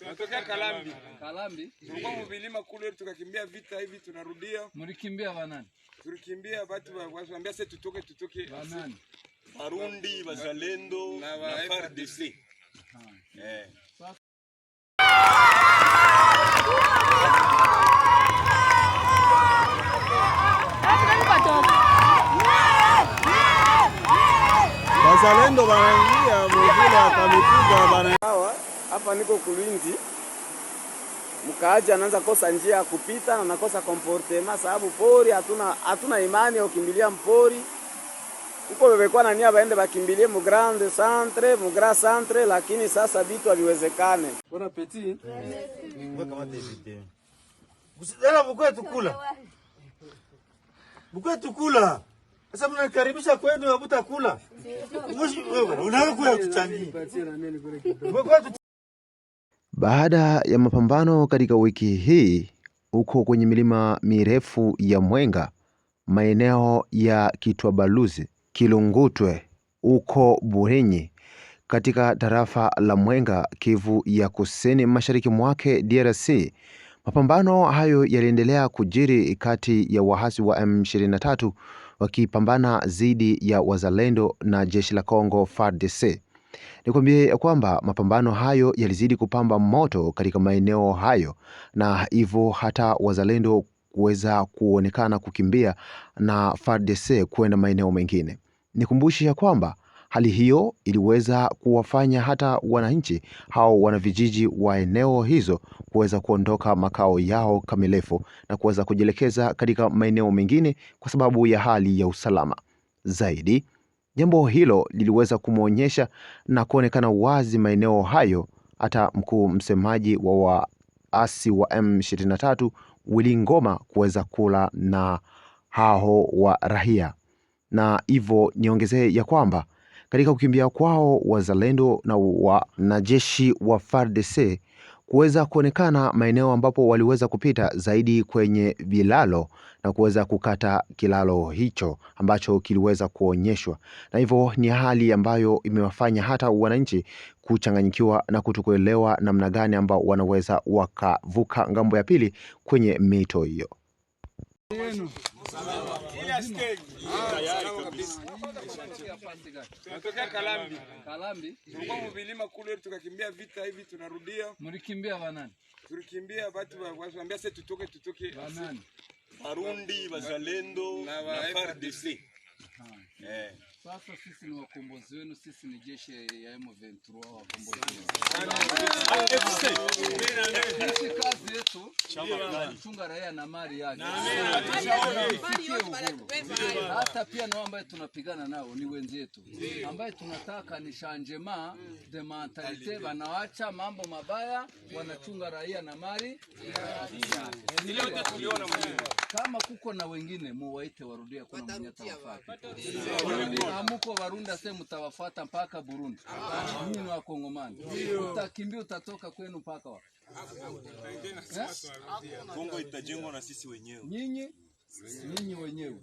Natokea Kalambi. Kalambi. Tulikuwa mvilima kule tukakimbia vita hivi tunarudia. Mlikimbia wanani? Tulikimbia watu wanaambia sasa tutoke tutoke. Wanani? Barundi, Bazalendo na FARDC. Eh. kulinzi mkaaji anaanza kosa njia ya kupita, na nakosa comportement sababu pori hatuna hatuna imani ya kukimbilia mpori huko Wamekuwa na nia waende bakimbilie mu grand centre mu grand centre, lakini sasa vitu haviwezekane. Bona peti mm. mm. usidala bukwe tukula bukwe tukula sasa, mnakaribisha kwenu wakuta kula unaweza kuya tuchangie baada ya mapambano katika wiki hii huko kwenye milima mirefu ya Mwenga, maeneo ya Kitwabaluzi, Kilungutwe huko burinyi katika tarafa la Mwenga, Kivu ya Kusini Mashariki mwake DRC. Mapambano hayo yaliendelea kujiri kati ya waasi wa M23 wakipambana dhidi ya wazalendo na jeshi la Kongo FARDC. Nikwambie ya kwamba mapambano hayo yalizidi kupamba moto katika maeneo hayo na hivyo hata wazalendo kuweza kuonekana kukimbia na FARDC kwenda maeneo mengine. Nikumbushe ya kwamba hali hiyo iliweza kuwafanya hata wananchi au wanavijiji wa eneo hizo kuweza kuondoka makao yao kamilifu na kuweza kujielekeza katika maeneo mengine kwa sababu ya hali ya usalama zaidi. Jambo hilo liliweza kumwonyesha na kuonekana wazi maeneo hayo. Hata mkuu msemaji wa waasi wa M23 Willy Ngoma kuweza kula na hao wa rahia na hivyo niongezee ya kwamba katika kukimbia kwao wazalendo na wanajeshi wa FARDC kuweza kuonekana maeneo ambapo waliweza kupita zaidi kwenye vilalo na kuweza kukata kilalo hicho ambacho kiliweza kuonyeshwa, na hivyo ni hali ambayo imewafanya hata wananchi kuchanganyikiwa na kutokuelewa namna gani ambao wanaweza wakavuka ngambo ya pili kwenye mito hiyo. Tunatokea Kalambi. Kalambi. Tulikuwa mvilima kule tukakimbia vita hivi tunarudia. Mlikimbia wanani? Tulikimbia watu wanaambia sasa tutoke tutoke. Wanani? Barundi, Bazalendo na FARDC. Eh. Sasa sisi ni wakombozi wenu, sisi ni jeshi ya M23 wakombozi wenu. Sisi kazi yetu kuchunga raia na mali yake, hata pia nao ambaye tunapigana nao ni wenzetu, ambaye tunataka ni shanjema de mentalite, wanawacha mambo mabaya, wanachunga raia na mali kama kuko na wengine muwaite warudia, kuna mwenye tawafata. Amuko Warunda se mutawafata mpaka Burundi. Nyinyi ni Wakongomani, utakimbia utatoka kwenu mpaka eh? Kongo itajengwa na sisi wenyewe nyinyi Ninyi wenyewe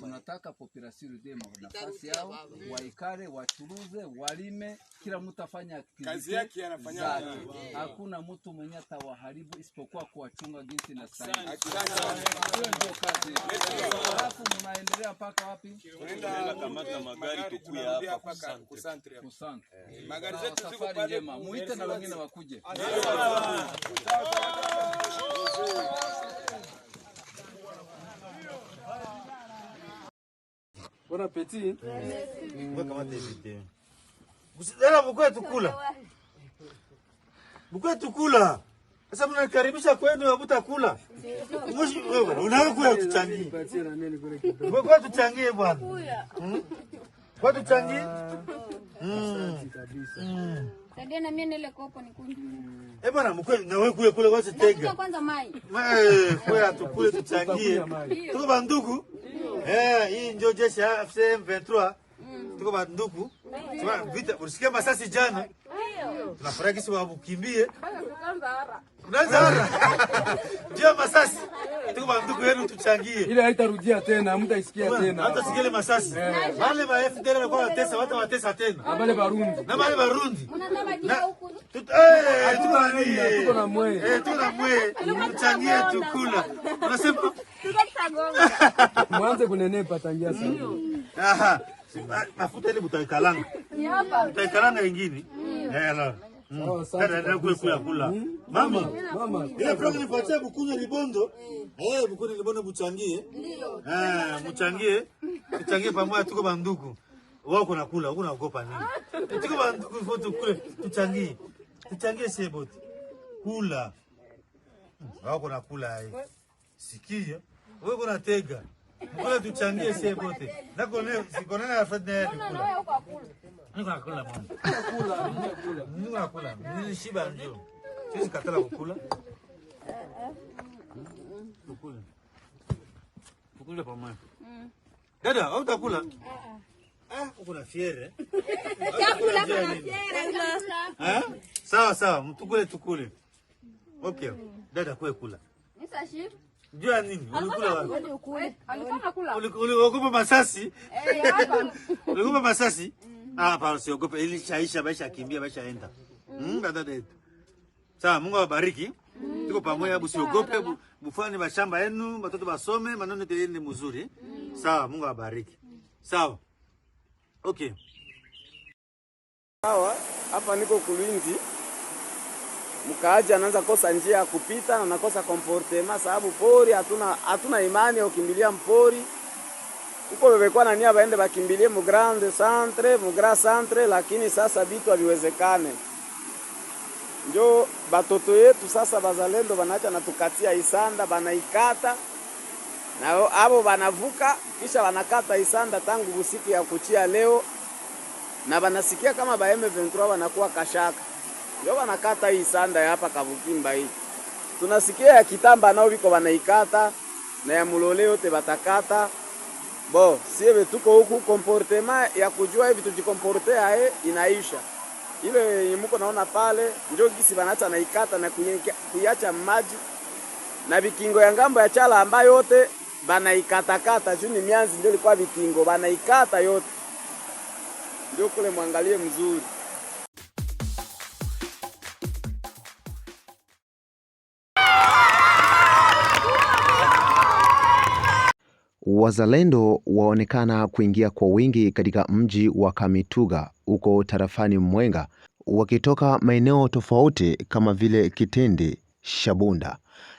tunataka population de nafasi yao waikale, wachuruze, walime, kila mtu afanye kazi yake, anafanya hakuna mtu mwenye atawaharibu isipokuwa kuwachunga jinsi na sahihi. Hiyo ndio kazi. Alafu mnaendelea mpaka wapi? Tunaenda kamata magari tukuya hapa kusantre, kusantre magari zetu ziko pale. Muite na wengine wakuje. Bon appétit. Usidala mkwe tukula. Mkwe tukula. Sasa mnakaribisha kwenu habuta kula. Unakuwa tuchangie. Mkwe tuchangie bwana. Kwa tuchangie. Sasa na mimi nile kopo nikunje. Eh, bwana mkwe na wewe kule kule wacha tega. Kwanza mai. Eh, kwa tukule tuchangie. Tuko bandugu. Eh, hii ndio jeshi ya FCM 23. Ah. Mm. Tuko banduku. Vita usikia masasi jana. Tunafurahi kisi wabukimbie. Tunaanza hara. Ndio masasi. Tuko banduku yenu tuchangie. Ile haitarudia tena, mtaisikia tena. Hata sikile masasi. Eh. Wale wa FDL wanakuwa watesa, wata watesa tena. Na wale Barundi. Na wale Barundi. Na eh, tuko na mwe. tuko na mwe. Eh, tuchangie tukula. Unasema Nishagonga. Mwanze kunenepa tangia sasa. Aha. Mafuta ile mtaikalanga. Ni hapa. Mtaikalanga nyingine. Eh, mm. kuachia hmm? eh. eh, Bukunya Libondo, Bukunya Libondo muchangie, eh, muchangie, muchangie pamoja, tuko banduku wako nakula, huko naogopa nini? Tuko banduku foto tuchangie, tuchangie seboti, kula hmm, wako nakula, sikia wewe na tega Ngoja tuchangie sie bote. Nako ne siko nani na na kula Niko na kula mwana. Kula, kula. Niko na kula. Ni shiba ndio. Sisi katala kukula. Kukula. Kukula pamoja. Mm. Dada, au utakula? Eh, eh. Ah, uko na fiere. Chakula kana fiere. Eh? Sawa sawa, mtukule tukule. Okay. Dada kwe kula. Ni sashir. Juu ya nini? Uliogopa yaani eh, masasi? Eh, Uliogopa masasi? Mm. Ah, hapa usiogope, ili shaisha maisha kimbia maisha enda. Mm, mm. Sawa, Mungu awabariki. Tuko pamoja, usiogope, mfanye mashamba yenu, watoto basome, maneno yote ni mzuri. Sawa, Mungu awabariki. Sawa. Okay. Sawa, hapa niko Kulindi mkaaji anaanza kosa njia ya kupita na nakosa comportement, sababu pori hatuna hatuna imani ya kukimbilia mpori huko Wamekuwa na nia waende bakimbilie mu grand centre mu grand centre, lakini sasa vitu haviwezekane. Njo batoto yetu sasa bazalendo banaacha natukatia isanda banaikata na abo banavuka kisha banakata isanda tangu usiku ya kuchia leo, na banasikia kama ba M23 wanakuwa kashaka ndio wanakata hii sanda ya hapa Kavukimba hii. Tunasikia ya kitamba nao viko wanaikata na ya mulole yote batakata. Bo, siwe tuko huku komportema ya kujua hivi tujikomportea he, eh, inaisha. Ile muko naona pale njoo gisi wanacha naikata na kuyacha maji na vikingo ya ngambo ya chala ambayo yote banaikatakata juu ni mianzi ndio ilikuwa vikingo banaikata yote. Ndio kule mwangalie mzuri. Wazalendo waonekana kuingia kwa wingi katika mji wa Kamituga huko tarafani Mwenga wakitoka maeneo tofauti kama vile Kitendi, Shabunda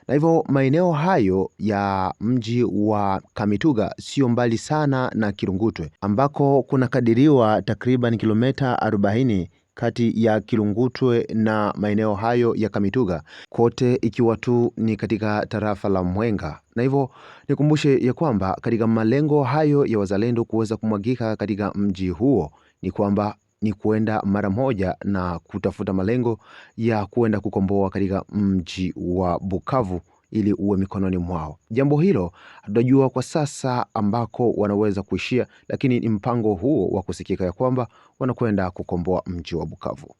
na hivyo maeneo hayo ya mji wa Kamituga sio mbali sana na Kirungutwe ambako kunakadiriwa takriban kilomita 40 kati ya Kilungutwe na maeneo hayo ya Kamituga, kote ikiwa tu ni katika tarafa la Mwenga. Na hivyo nikumbushe ya kwamba katika malengo hayo ya wazalendo kuweza kumwagika katika mji huo ni kwamba ni kuenda mara moja na kutafuta malengo ya kuenda kukomboa katika mji wa Bukavu ili uwe mikononi mwao. Jambo hilo hatajua kwa sasa ambako wanaweza kuishia, lakini ni mpango huo wa kusikika ya kwamba wanakwenda kukomboa mji wa Bukavu.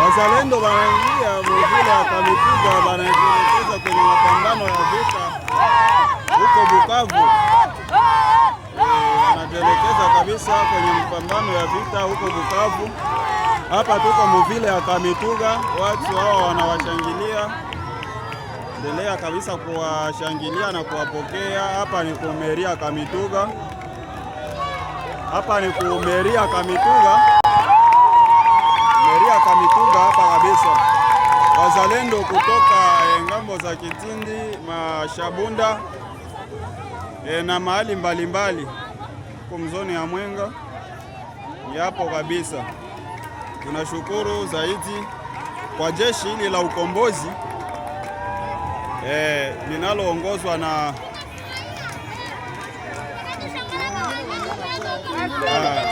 Wazalendo wanaingia mwingine akamikuza, wanajielekeza kwenye mapambano ya vita huko Bukavu inatuelekeza kabisa kwenye mpambano ya vita huko Bukavu. Hapa tuko muvile ya Kamituga, watu hao wanawashangilia. Endelea kabisa kuwashangilia na kuwapokea. Hapa ni kumeria Kamituga, hapa ni kumeria Kamituga, meria Kamituga hapa kabisa. Wazalendo kutoka eh, ngambo za Kitindi, Mashabunda e, na mahali mbalimbali mbali mzoni ya Mwenga yapo kabisa. Tunashukuru zaidi kwa jeshi hili la ukombozi eh, linaloongozwa na eh,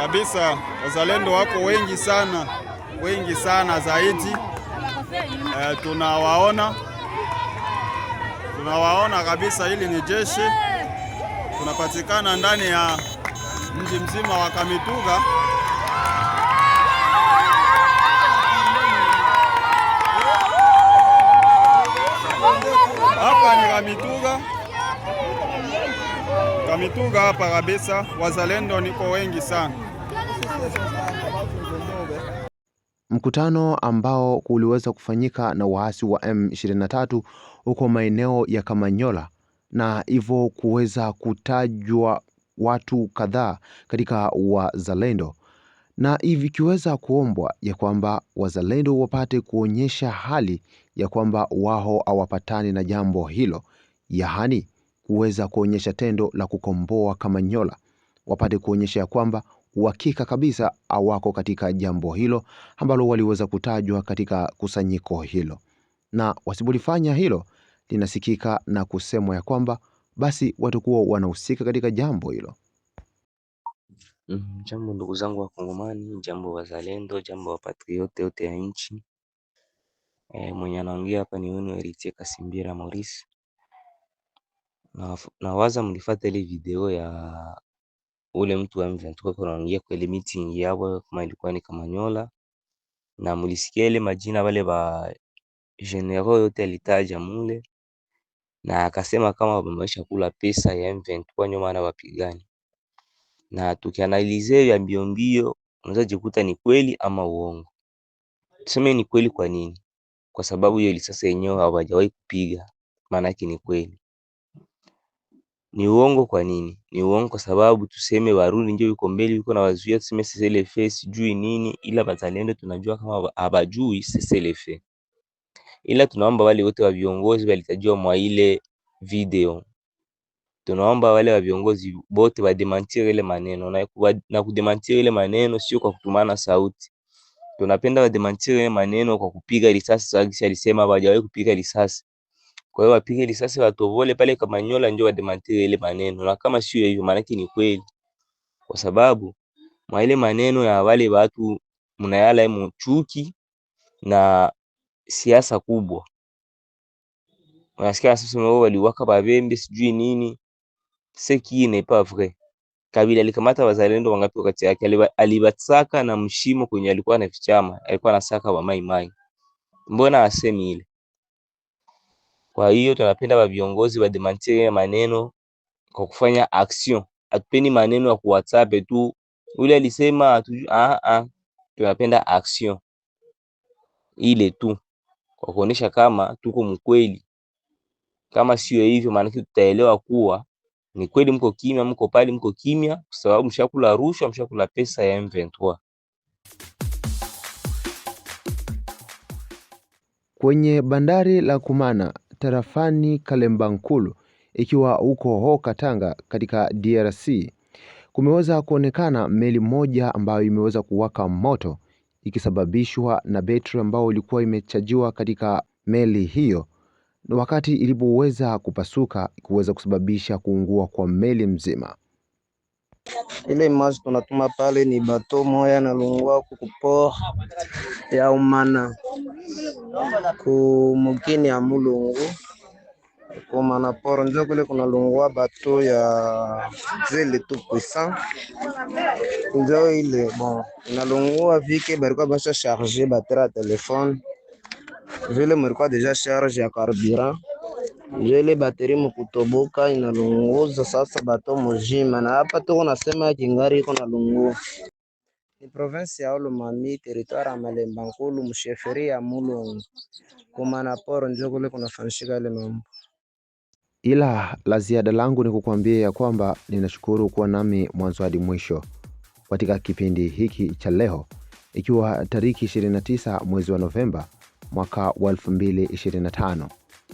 kabisa. Wazalendo wako wengi sana, wengi sana zaidi eh, tunawaona tunawaona kabisa, hili ni jeshi. Tunapatikana ndani ya mji mzima wa Kamituga. Hapa ni Kamituga, Kamituga hapa kabisa, wazalendo niko wengi sana. Mkutano ambao uliweza kufanyika na waasi wa M23 huko maeneo ya Kamanyola na hivyo kuweza kutajwa watu kadhaa katika wazalendo na hivi ikiweza kuombwa ya kwamba wazalendo wapate kuonyesha hali ya kwamba wao hawapatani na jambo hilo, yaani kuweza kuonyesha tendo la kukomboa Kamanyola, wapate kuonyesha ya kwamba uhakika kabisa hawako katika jambo hilo ambalo waliweza kutajwa katika kusanyiko hilo, na wasipolifanya hilo linasikika na kusemwa ya kwamba basi watakuwa wanahusika katika jambo hilo. Mm, jambo ndugu zangu wa Kongomani, jambo wazalendo, jambo wa patriote yote ya nchi. E, mwenye anaongea hapa ni wenu Eritie Kasimbira Maurice. Na waza mlifuata ile video ya ule mtu wa M23 anaongea kwa ile meeting yao kama ilikuwa ni Kamanyola, na mlisikia ile majina wale ba general yote alitaja mule na akasema kama wamemaisha kula pesa ya M23 nyuma na wapigani. na tukianalizia ya mbio mbio, unaweza jikuta ni kweli ama uongo. Tuseme ni kweli. Kwa nini? Kwa sababu hiyo sasa yenyewe hawajawahi kupiga, maana yake ni kweli. Ni uongo. Kwa nini ni uongo? Kwa sababu tuseme Warundi ndio yuko mbele, yuko na wazuia, tuseme siselefe sijui nini, ila bazalendo tunajua kama habajui siselefe ila tunaomba wale wote wa viongozi walitajwa mwa ile video, tunaomba wale wa viongozi wote wa demantire ile maneno na, na kudemantir ile maneno sio kwa kutumana sauti. Tunapenda wa demantire ile maneno kwa kupiga risasi. sasa Alisema hawajawahi kupiga risasi, kwa hiyo wapige risasi watovole pale kama nyola, wa demantire ile maneno, na kama sio hivyo, maana yake ni kweli, kwa sababu mwa ile maneno ya wale watu mnayala mchuki na siasa kubwa. Unasikia wanasema wao waliwaka babembe sijui nini, seki ne pas vrai. Kabila alikamata wazalendo wangapi wakati yake, alibatsaka na mshimo kwenye alikuwa na kichama, alikuwa anasaka wa mai mai. Mbona asemi ile? Kwa hiyo tunapenda ba viongozi wa demantie maneno kwa kufanya action. Atupeni maneno ya kuwhatsapp tu. Ule alisema ah ah, tunapenda action ile tu kwa kuonyesha kama tuko mkweli. Kama sio hivyo, maanake tutaelewa kuwa ni kweli mko kimya, mko pale, mko kimya kwa sababu mshakula rushwa, mshakula pesa ya M23. Kwenye bandari la Kumana tarafani Kalemba Nkulu, ikiwa huko ho Katanga katika DRC, kumeweza kuonekana meli moja ambayo imeweza kuwaka moto ikisababishwa na betri ambayo ilikuwa imechajiwa katika meli hiyo, na wakati ilipoweza kupasuka kuweza kusababisha kuungua kwa meli mzima. Ile image tunatuma pale ni bato moya nalungua kukupo ya umana kumukini ya mulungu kumanaporo njo kule kuna lungwa bato ya zele tu puissant njo ile bon inalungua vike barikuwa basha charge batera ya telefone vile murikuwa deja charge ya carburant njo ile bateri mukutoboka inalunguza sasa bato mujima na hapa tuko nasema ya kingari iko na ni province ya Olomami territoire ya Malemba Nkulu msheferi ya Mulongo kumanaporo njo kule kunafanishika ile mambo Ila la ziada langu ni kukuambia ya kwamba ninashukuru kuwa nami mwanzo hadi mwisho katika kipindi hiki cha leo, ikiwa tariki 29 mwezi wa Novemba mwaka wa 2025.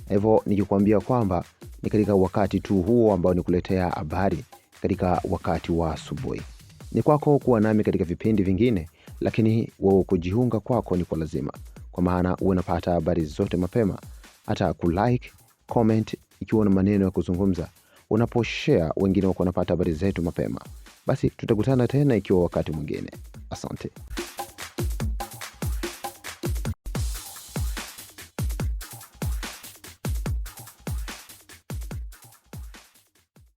Hivyo nikikwambia kwamba ni katika wakati tu huo ambao nikuletea habari katika wakati wa asubuhi. Ni kwako kuwa nami katika vipindi vingine, lakini wewe kujiunga kwako ni kwa lazima, kwa maana uwe unapata habari zote mapema, hata kulike, comment ikiwa na maneno ya kuzungumza, unaposhea wengine wako wanapata habari zetu mapema. Basi tutakutana tena ikiwa wakati mwingine. Asante.